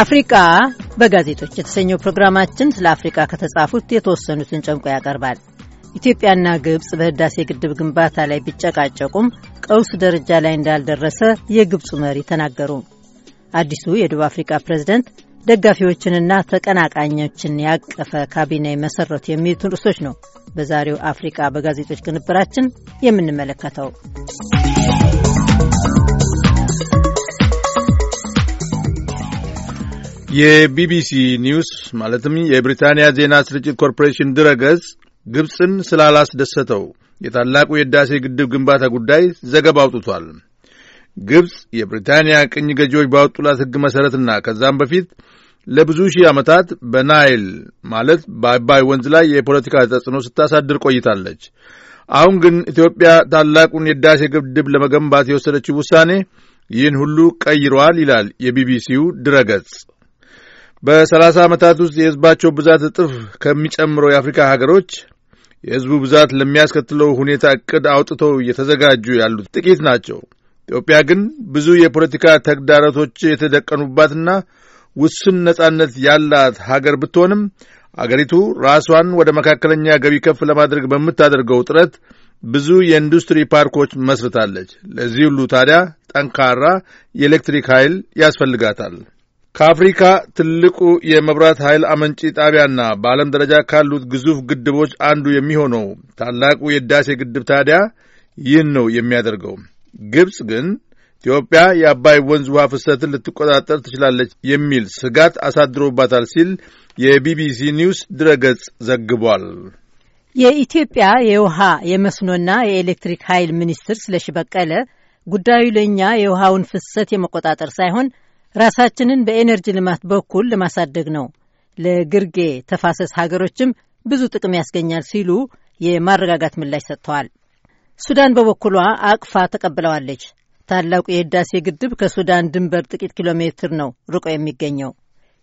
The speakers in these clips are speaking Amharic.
አፍሪቃ በጋዜጦች የተሰኘው ፕሮግራማችን ስለ አፍሪቃ ከተጻፉት የተወሰኑትን ጨምቆ ያቀርባል። ኢትዮጵያና ግብፅ በህዳሴ ግድብ ግንባታ ላይ ቢጨቃጨቁም ቀውስ ደረጃ ላይ እንዳልደረሰ የግብፁ መሪ ተናገሩ። አዲሱ የደቡብ አፍሪካ ፕሬዝደንት ደጋፊዎችንና ተቀናቃኞችን ያቀፈ ካቢኔ መሰረቱ የሚሉትን ርዕሶች ነው በዛሬው አፍሪቃ በጋዜጦች ቅንብራችን የምንመለከተው። የቢቢሲ ኒውስ ማለትም የብሪታንያ ዜና ስርጭት ኮርፖሬሽን ድረገጽ ግብፅን ስላላስደሰተው የታላቁ የዳሴ ግድብ ግንባታ ጉዳይ ዘገባ አውጥቷል። ግብፅ የብሪታንያ ቅኝ ገዢዎች ባወጡላት ሕግ መሠረትና ከዛም በፊት ለብዙ ሺህ ዓመታት በናይል ማለት በአባይ ወንዝ ላይ የፖለቲካ ተጽዕኖ ስታሳድር ቆይታለች። አሁን ግን ኢትዮጵያ ታላቁን የዳሴ ግድብ ለመገንባት የወሰደችው ውሳኔ ይህን ሁሉ ቀይረዋል ይላል የቢቢሲው ድረገጽ። በሰላሳ ዓመታት ውስጥ የሕዝባቸው ብዛት እጥፍ ከሚጨምረው የአፍሪካ ሀገሮች የሕዝቡ ብዛት ለሚያስከትለው ሁኔታ እቅድ አውጥተው እየተዘጋጁ ያሉት ጥቂት ናቸው። ኢትዮጵያ ግን ብዙ የፖለቲካ ተግዳሮቶች የተደቀኑባትና ውስን ነጻነት ያላት ሀገር ብትሆንም አገሪቱ ራሷን ወደ መካከለኛ ገቢ ከፍ ለማድረግ በምታደርገው ጥረት ብዙ የኢንዱስትሪ ፓርኮች መስርታለች። ለዚህ ሁሉ ታዲያ ጠንካራ የኤሌክትሪክ ኃይል ያስፈልጋታል። ከአፍሪካ ትልቁ የመብራት ኃይል አመንጪ ጣቢያና በዓለም ደረጃ ካሉት ግዙፍ ግድቦች አንዱ የሚሆነው ታላቁ የህዳሴ ግድብ ታዲያ ይህን ነው የሚያደርገው። ግብፅ ግን ኢትዮጵያ የአባይ ወንዝ ውሃ ፍሰትን ልትቆጣጠር ትችላለች የሚል ስጋት አሳድሮባታል ሲል የቢቢሲ ኒውስ ድረገጽ ዘግቧል። የኢትዮጵያ የውሃ የመስኖና የኤሌክትሪክ ኃይል ሚኒስትር ስለሺ በቀለ ጉዳዩ ለእኛ የውሃውን ፍሰት የመቆጣጠር ሳይሆን ራሳችንን በኤነርጂ ልማት በኩል ለማሳደግ ነው። ለግርጌ ተፋሰስ ሀገሮችም ብዙ ጥቅም ያስገኛል ሲሉ የማረጋጋት ምላሽ ሰጥተዋል። ሱዳን በበኩሏ አቅፋ ተቀብለዋለች። ታላቁ የህዳሴ ግድብ ከሱዳን ድንበር ጥቂት ኪሎ ሜትር ነው ርቆ የሚገኘው።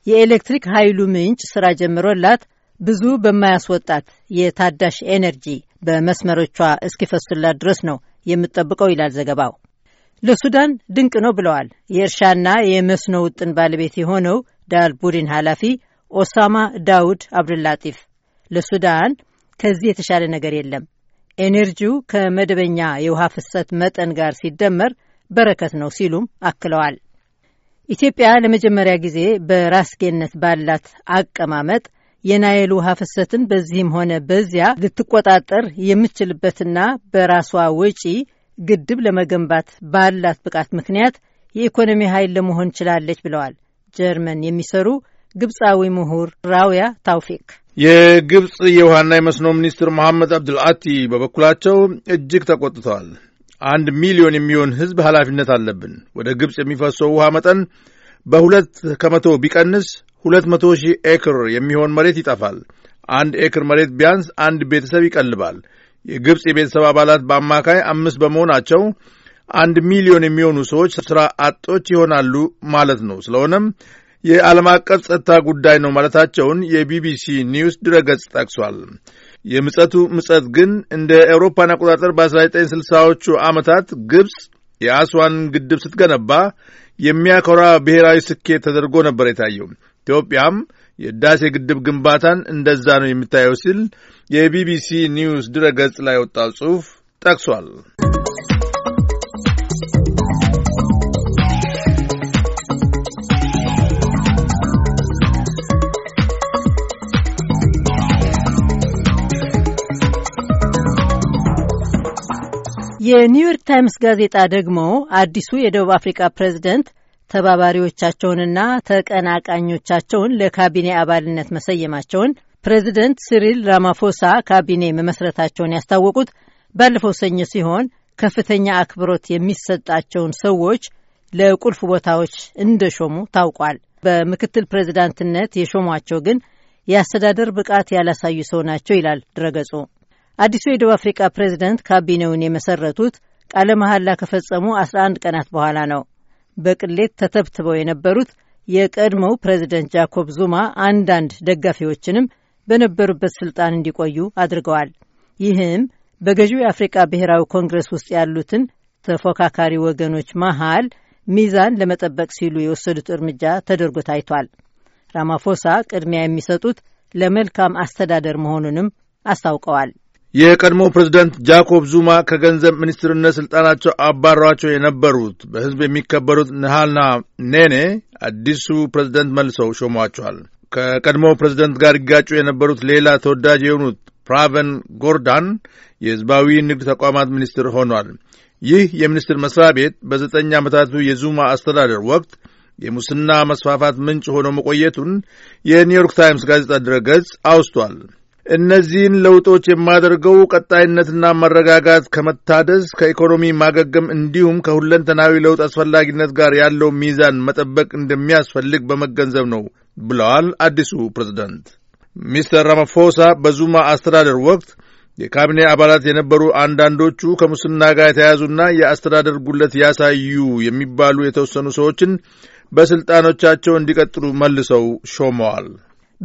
የኤሌክትሪክ ኃይሉ ምንጭ ስራ ጀምሮላት ብዙ በማያስወጣት የታዳሽ ኤነርጂ በመስመሮቿ እስኪፈሱላት ድረስ ነው የምጠብቀው ይላል ዘገባው። ለሱዳን ድንቅ ነው ብለዋል የእርሻና የመስኖ ውጥን ባለቤት የሆነው ዳል ቡድን ኃላፊ ኦሳማ ዳውድ አብዱላጢፍ። ለሱዳን ከዚህ የተሻለ ነገር የለም፣ ኤኔርጂው ከመደበኛ የውሃ ፍሰት መጠን ጋር ሲደመር በረከት ነው ሲሉም አክለዋል። ኢትዮጵያ ለመጀመሪያ ጊዜ በራስጌነት ባላት አቀማመጥ የናይል ውሃ ፍሰትን በዚህም ሆነ በዚያ ልትቆጣጠር የምትችልበትና በራሷ ወጪ ግድብ ለመገንባት ባላት ብቃት ምክንያት የኢኮኖሚ ኃይል ለመሆን ችላለች ብለዋል ጀርመን የሚሰሩ ግብፃዊ ምሁር ራውያ ታውፊክ። የግብፅ የውሃና የመስኖ ሚኒስትር መሐመድ አብዱልአቲ በበኩላቸው እጅግ ተቆጥተዋል። አንድ ሚሊዮን የሚሆን ሕዝብ ኃላፊነት አለብን። ወደ ግብፅ የሚፈሰው ውሃ መጠን በሁለት ከመቶ ቢቀንስ ሁለት መቶ ሺህ ኤክር የሚሆን መሬት ይጠፋል። አንድ ኤክር መሬት ቢያንስ አንድ ቤተሰብ ይቀልባል። የግብፅ የቤተሰብ አባላት በአማካይ አምስት በመሆናቸው አንድ ሚሊዮን የሚሆኑ ሰዎች ስራ አጦች ይሆናሉ ማለት ነው። ስለሆነም የዓለም አቀፍ ጸጥታ ጉዳይ ነው ማለታቸውን የቢቢሲ ኒውስ ድረገጽ ጠቅሷል። የምጸቱ ምጸት ግን እንደ ኤውሮፓን አቆጣጠር በ1960ዎቹ ዓመታት ግብፅ የአስዋን ግድብ ስትገነባ የሚያኮራ ብሔራዊ ስኬት ተደርጎ ነበር የታየው። ኢትዮጵያም የህዳሴ ግድብ ግንባታን እንደዛ ነው የሚታየው ሲል የቢቢሲ ኒውስ ድረ-ገጽ ላይ ወጣው ጽሑፍ ጠቅሷል። የኒውዮርክ ታይምስ ጋዜጣ ደግሞ አዲሱ የደቡብ አፍሪካ ፕሬዝደንት ተባባሪዎቻቸውንና ተቀናቃኞቻቸውን ለካቢኔ አባልነት መሰየማቸውን ፕሬዚደንት ሲሪል ራማፎሳ ካቢኔ መመስረታቸውን ያስታወቁት ባለፈው ሰኞ ሲሆን ከፍተኛ አክብሮት የሚሰጣቸውን ሰዎች ለቁልፍ ቦታዎች እንደሾሙ ታውቋል። በምክትል ፕሬዚዳንትነት የሾሟቸው ግን የአስተዳደር ብቃት ያላሳዩ ሰው ናቸው ይላል ድረገጹ። አዲሱ የደቡብ አፍሪካ ፕሬዚደንት ካቢኔውን የመሰረቱት ቃለ መሐላ ከፈጸሙ 11 ቀናት በኋላ ነው። በቅሌት ተተብትበው የነበሩት የቀድሞው ፕሬዚደንት ጃኮብ ዙማ አንዳንድ ደጋፊዎችንም በነበሩበት ስልጣን እንዲቆዩ አድርገዋል። ይህም በገዢው የአፍሪቃ ብሔራዊ ኮንግረስ ውስጥ ያሉትን ተፎካካሪ ወገኖች መሃል ሚዛን ለመጠበቅ ሲሉ የወሰዱት እርምጃ ተደርጎ ታይቷል። ራማፎሳ ቅድሚያ የሚሰጡት ለመልካም አስተዳደር መሆኑንም አስታውቀዋል። የቀድሞ ፕሬዝደንት ጃኮብ ዙማ ከገንዘብ ሚኒስትርነት ስልጣናቸው አባሯቸው የነበሩት በሕዝብ የሚከበሩት ንሃልና ኔኔ አዲሱ ፕሬዝደንት መልሰው ሾሟቸዋል። ከቀድሞ ፕሬዝደንት ጋር ይጋጩ የነበሩት ሌላ ተወዳጅ የሆኑት ፕራቨን ጎርዳን የሕዝባዊ ንግድ ተቋማት ሚኒስትር ሆኗል። ይህ የሚኒስትር መስሪያ ቤት በዘጠኝ ዓመታቱ የዙማ አስተዳደር ወቅት የሙስና መስፋፋት ምንጭ ሆኖ መቆየቱን የኒውዮርክ ታይምስ ጋዜጣ ድረገጽ አውስቷል። እነዚህን ለውጦች የማደርገው ቀጣይነትና መረጋጋት ከመታደስ ከኢኮኖሚ ማገገም እንዲሁም ከሁለንተናዊ ለውጥ አስፈላጊነት ጋር ያለው ሚዛን መጠበቅ እንደሚያስፈልግ በመገንዘብ ነው ብለዋል አዲሱ ፕሬዝዳንት። ሚስተር ራማፎሳ በዙማ አስተዳደር ወቅት የካቢኔ አባላት የነበሩ አንዳንዶቹ ከሙስና ጋር የተያያዙና የአስተዳደር ጉለት ያሳዩ የሚባሉ የተወሰኑ ሰዎችን በሥልጣኖቻቸው እንዲቀጥሉ መልሰው ሾመዋል።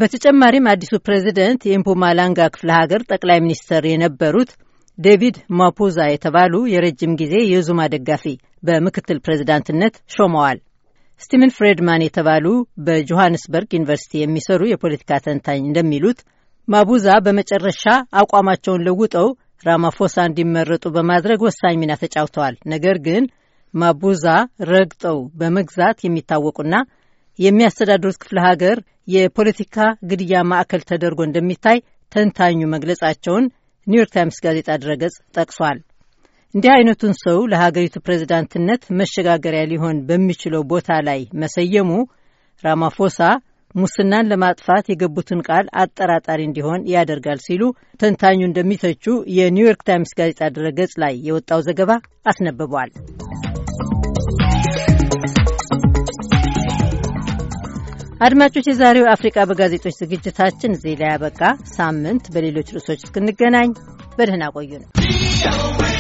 በተጨማሪም አዲሱ ፕሬዚደንት የኢምፖማላንጋ ክፍለ ሀገር ጠቅላይ ሚኒስትር የነበሩት ዴቪድ ማፖዛ የተባሉ የረጅም ጊዜ የዙማ ደጋፊ በምክትል ፕሬዚዳንትነት ሾመዋል። ስቲቨን ፍሬድማን የተባሉ በጆሃንስበርግ ዩኒቨርሲቲ የሚሰሩ የፖለቲካ ተንታኝ እንደሚሉት ማቡዛ በመጨረሻ አቋማቸውን ለውጠው ራማፎሳ እንዲመረጡ በማድረግ ወሳኝ ሚና ተጫውተዋል። ነገር ግን ማቡዛ ረግጠው በመግዛት የሚታወቁና የሚያስተዳድሩት ክፍለ ሀገር የፖለቲካ ግድያ ማዕከል ተደርጎ እንደሚታይ ተንታኙ መግለጻቸውን ኒውዮርክ ታይምስ ጋዜጣ ድረገጽ ጠቅሷል። እንዲህ አይነቱን ሰው ለሀገሪቱ ፕሬዚዳንትነት መሸጋገሪያ ሊሆን በሚችለው ቦታ ላይ መሰየሙ ራማፎሳ ሙስናን ለማጥፋት የገቡትን ቃል አጠራጣሪ እንዲሆን ያደርጋል ሲሉ ተንታኙ እንደሚተቹ የኒውዮርክ ታይምስ ጋዜጣ ድረገጽ ላይ የወጣው ዘገባ አስነብቧል። አድማጮች፣ የዛሬው አፍሪቃ በጋዜጦች ዝግጅታችን እዚህ ላይ ያበቃ። ሳምንት በሌሎች ርዕሶች እስክንገናኝ በደህና ቆዩ ነው።